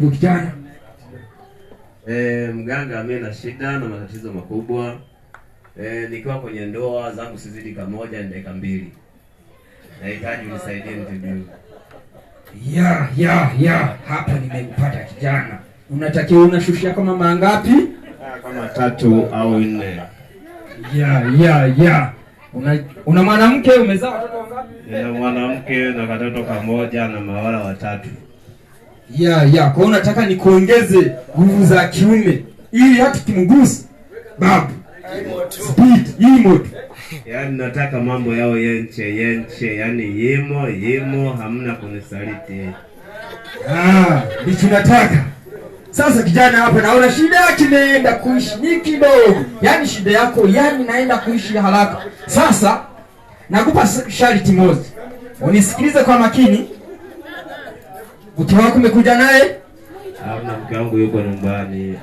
Ndugu kijana e, mganga amie na shida na matatizo makubwa e, nikiwa kwenye ndoa zangu sizidi moja ni dakika mbili. Nahitaji unisaidie mtibiu. Ya ya ya, hapa nimempata kijana. Unatakiwa unashushia kama mangapi? Kama tatu au nne. Ya ya ya. Una, una mwanamke umezaa watoto wangapi? Nina mwanamke na katoto kamoja na mawala watatu ya ya. Kwa hiyo nataka nikuongeze nguvu za kiume ili hata kimgusi babu speed imo. Yani nataka mambo yao yenche yenche, yani yimo yimo, hamna kunisaliti. Ah, ndicho nataka. Sasa kijana hapa naona shida yake inaenda kuishi ni kidogo. yani shida yako yani naenda kuishi haraka. Sasa nakupa sharti moja. Unisikilize kwa makini. Mke wako umekuja naye? Hamna, mke wangu yuko nyumbani.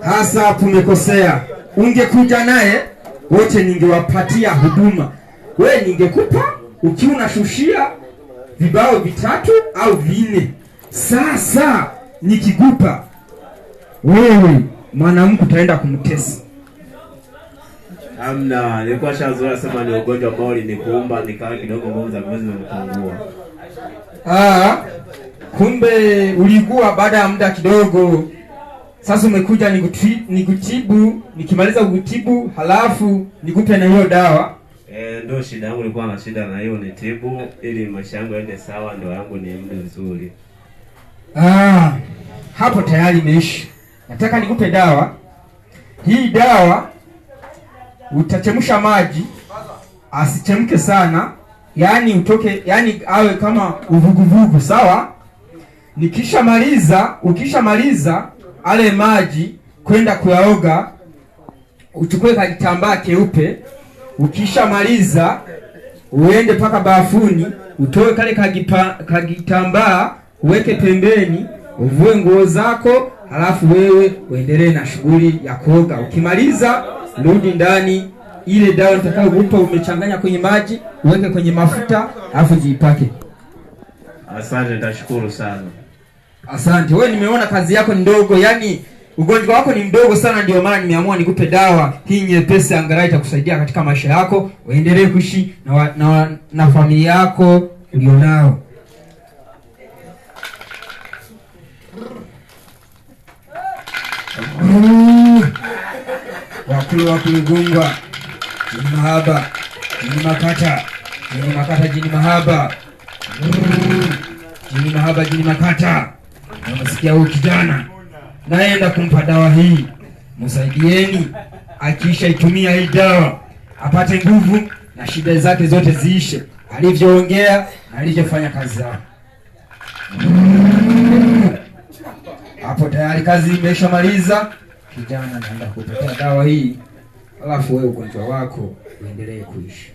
Hasa tumekosea. Ungekuja naye wote ningewapatia huduma. We ningekupa ukiwa unashushia vibao vitatu au vinne. Sasa nikigupa wewe mwanamke utaenda kumtesa. Hamna, nilikuwa shazoea sema ni ugonjwa ambao ulinikuumba nikawa kidogo nguvu za mwezi zimepungua. Ah, kumbe uliugua baada ya muda kidogo. Sasa umekuja nikutibu, nikimaliza kutibu halafu nikupe na hiyo dawa. Eh, ndo shida yangu, nilikuwa na shida na hiyo nitibu, ili maisha yangu yaende sawa, ndoa yangu ni mdu nzuri. Ah, hapo tayari imeisha Nataka nikupe dawa hii. Dawa utachemsha maji, asichemke sana, yaani utoke, yaani awe kama uvuguvugu, sawa Nikishamaliza, ukishamaliza ale maji kwenda kuyaoga, uchukue kitambaa keupe. Ukishamaliza uende mpaka bafuni, utoe kale kagitambaa, uweke pembeni, uvue nguo zako, halafu wewe uendelee na shughuli ya kuoga. Ukimaliza rudi ndani, ile dawa nitakayokupa umechanganya kwenye maji, uweke kwenye mafuta, halafu jipake. Asante, nitashukuru sana. Asante. Wewe nimeona kazi yako ni ndogo, yaani ugonjwa wako ni mdogo sana, ndio maana nimeamua nikupe dawa hii nyepesi, angalau itakusaidia katika maisha yako, uendelee kuishi na, wa, na, na familia yako ulionao. wakulu wa jini mahaba jini makata jini makata jini mahaba jini mahaba jini makata amesikia huyu kijana naenda kumpa dawa hii, msaidieni akiisha itumia hii dawa apate nguvu na shida zake zote ziishe, alivyoongea na alivyofanya kazi zao hapo tayari kazi imeshamaliza. Kijana naenda kupetea dawa hii, alafu wewe ugonjwa wako uendelee kuishi.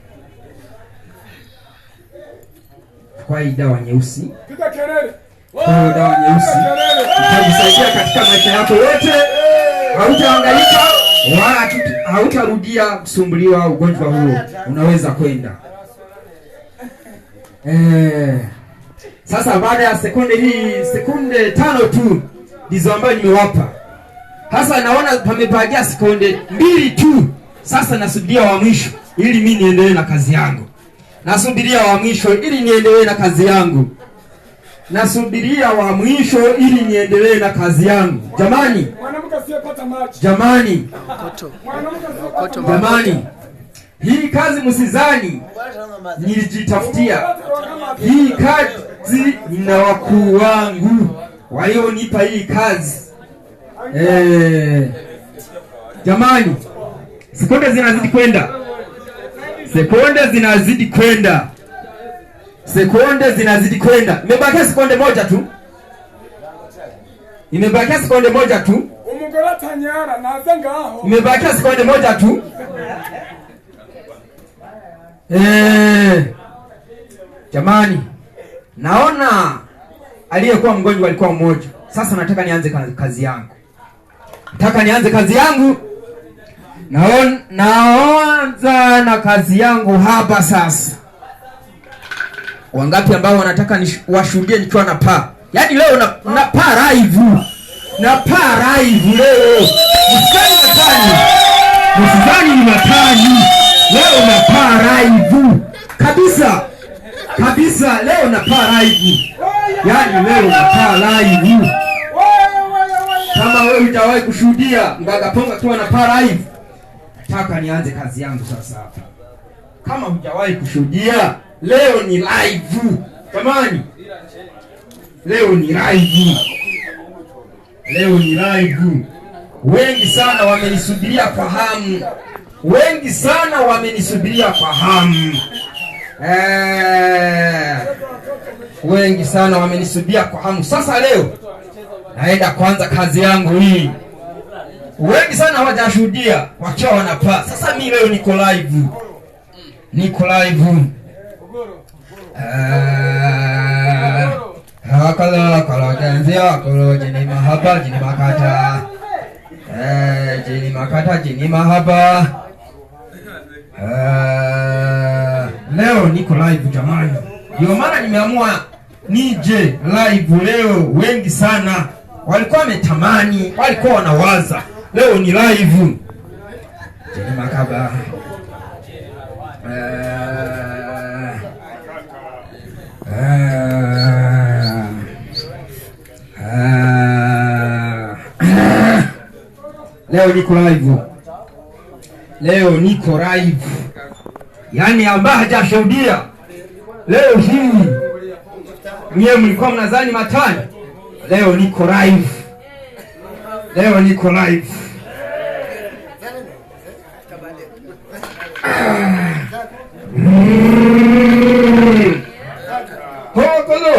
Kwa hii dawa nyeusi, piga kelele dawa nyeusi itakusaidia katika maisha yako yote, hautaangaika wala hautarudia kusumbuliwa ugonjwa huo, unaweza kwenda eh, Sasa baada ya sekunde hii, sekunde tano tu ndizo ambayo nimewapa. hasa naona pamepagia sekunde mbili tu. Sasa nasubiria wa mwisho ili mi niendelee na kazi yangu, nasubiria wa mwisho ili niendelee na kazi yangu nasubiria wa mwisho ili niendelee na kazi yangu. Jamani, jamani, jamani, hii kazi msizani nilijitafutia hii kazi, ina wakuu wangu walionipa hii kazi eh. Jamani, sekunde zinazidi kwenda, sekunde zinazidi kwenda sekonde zinazidi kwenda, imebakia sekonde moja tu, imebakia sekonde moja tu, imebakia sekonde moja tu. Eh, jamani, naona aliyekuwa mgonjwa alikuwa mmoja. Sasa nataka nianze kazi yangu, nataka nianze kazi yangu. Naona naanza na kazi yangu hapa sasa. Wangapi ambao wanataka washuhudie nikiwa na paa? Yaani leo na, na paa live. Na paa live leo. Msikani matani. Msikani ni matani. Leo na paa live. Kabisa. Kabisa leo na paa live. Yaani leo na paa live. Kama wewe utawahi kushuhudia mbagaponga tu na paa live. Nataka nianze kazi yangu sasa hapa. Kama hujawahi kushuhudia Leo ni live jamani, leo ni live, leo ni live. Wengi sana wamenisubiria kwa hamu, wengi sana wamenisubiria kwa hamu eh, wengi sana wamenisubiria kwa hamu. Sasa leo naenda kwanza kazi yangu hii, wengi sana hawajashuhudia wakiwa wanapaa. Sasa mi leo niko live, niko live Hakolo kolo tenzio kolo jini mahaba jini makata eh, jini makata jini mahaba eh, leo niko live jamani, ndio maana nimeamua nije live leo. Wengi sana walikuwa wametamani, walikuwa wanawaza, leo ni live jini makaba Leo niko live, leo niko live, yaani ambaye hajashuhudia leo hii, mie mlikuwa mnadhani matani, leo niko live, leo niko live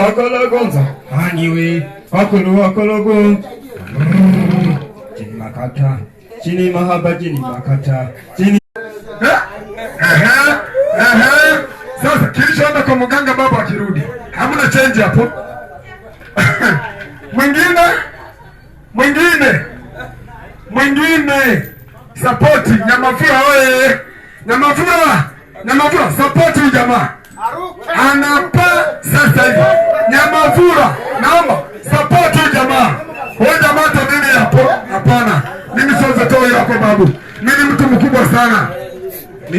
hakolo gonza haniwe hakolo gonza makata chini mahaba chini makata chini. Aha, eh, aha. Eh, eh, sasa anda kwa mganga, baba akirudi hamna change hapo. Mwingine, mwingine, mwingine. support Sapoti Nyamafura oye! Nyamafura, Nyamafura, sapoti jamaa anapa sasa hivi. Nyamafura, naomba sapoti jamaa, huyu jamaa matokeo yako babu. Mimi mtu mkubwa sana, ni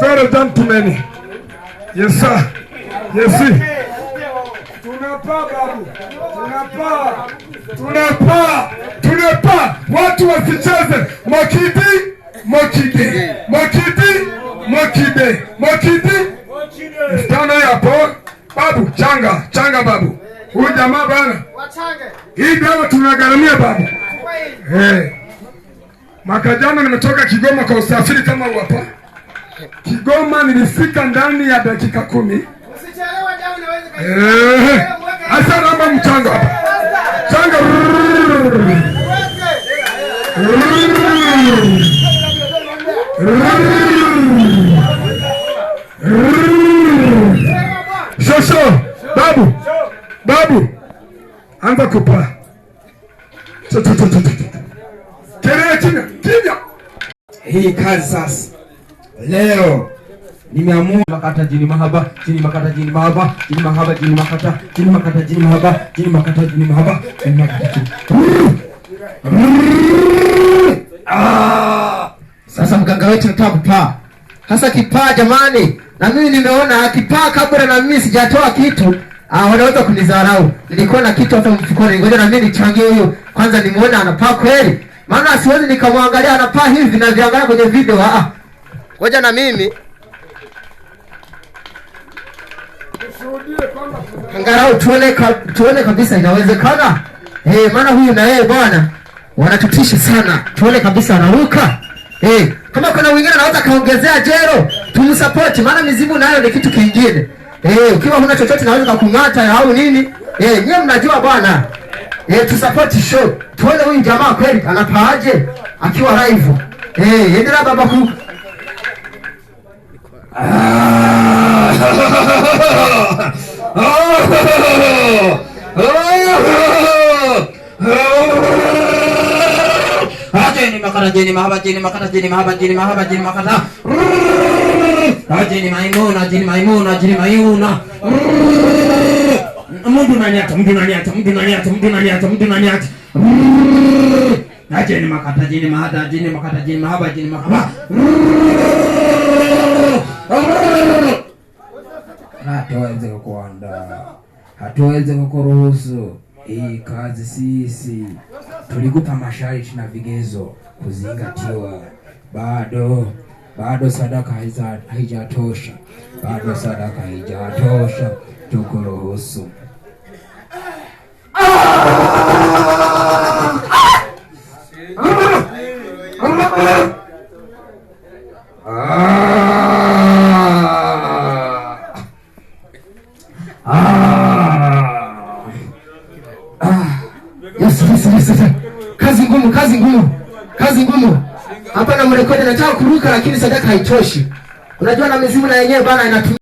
very gentleman. Yes sir. Yes sir. Tunapaa babu. Tunapaa. Tunapaa. Tunapaa. Watu wasicheze. Makidi, makidi. Makidi, makidi. Makidi. Mstano yapo. Babu changa, changa babu. Huyu jamaa bana. Wachange. Hii dawa tunagaramia babu. Eh. Hey. Mwaka jana nimetoka Kigoma kwa usafiri kama hapa. Kigoma nilifika ndani ya dakika kumi. Hasa namba mchango hapa. Changa. Shosho, babu. Babu. Anza kupaa chini, kimya. Hii kazi sasa leo nimeamua makata jini mahaba jini makata jini mahaba jini mahaba jini makata jini makata jini mahaba jini makata jini mahaba jini makata jini. Ah, sasa mganga wetu nataka kupaa hasa kipaa, jamani, na mimi nimeona kipaa kabla na mimi sijatoa kitu. Ah, wanaweza kunidharau. Nilikuwa na kitu hata mfukoni, ngoja na mimi nichangie hiyo kwanza, nimeona anapaa kweli maana siwezi nikamwangalia anapaa hivi naziangalia kwenye video. Ah, ah, ngoja na mimi angalau tuone, ka, tuone kabisa inawezekana eh, maana huyu na yeye bwana wanatutisha sana, tuone kabisa anaruka eh. Kama kuna wengine anaweza kaongezea jero, tumsupport maana mizimu nayo ni kitu kingine eh. Ukiwa huna chochote naweza kukung'ata au nini eh, nyewe mnajua bwana eh, tusapoti show tuone huyu jamaa kweli anapaaje akiwa live eh, endelea baba ku Ajeni makata jeni maimuna ajeni maimuna ajeni maimuna Mtu nanyata, mtu nanyata, mtu nanyata, mtu nanyata, mtu nanyata. Ajeni makata, jeni mahada, jeni makata, jeni mahaba, jeni mahaba. Hatuwezi kukuandaa. Hatuwezi kukuruhusu. Hii kazi sisi tulikupa masharti na vigezo kuzingatiwa. Bado bado sadaka haijatosha, bado sadaka haijatosha, tukuruhusu. Yes, Kazi ngumu, ngumu, kazi Hapa na mrekodi nataka kuruka, lakini sadaka haitoshi. Unajua na mizimu na yenyewe bana inatumia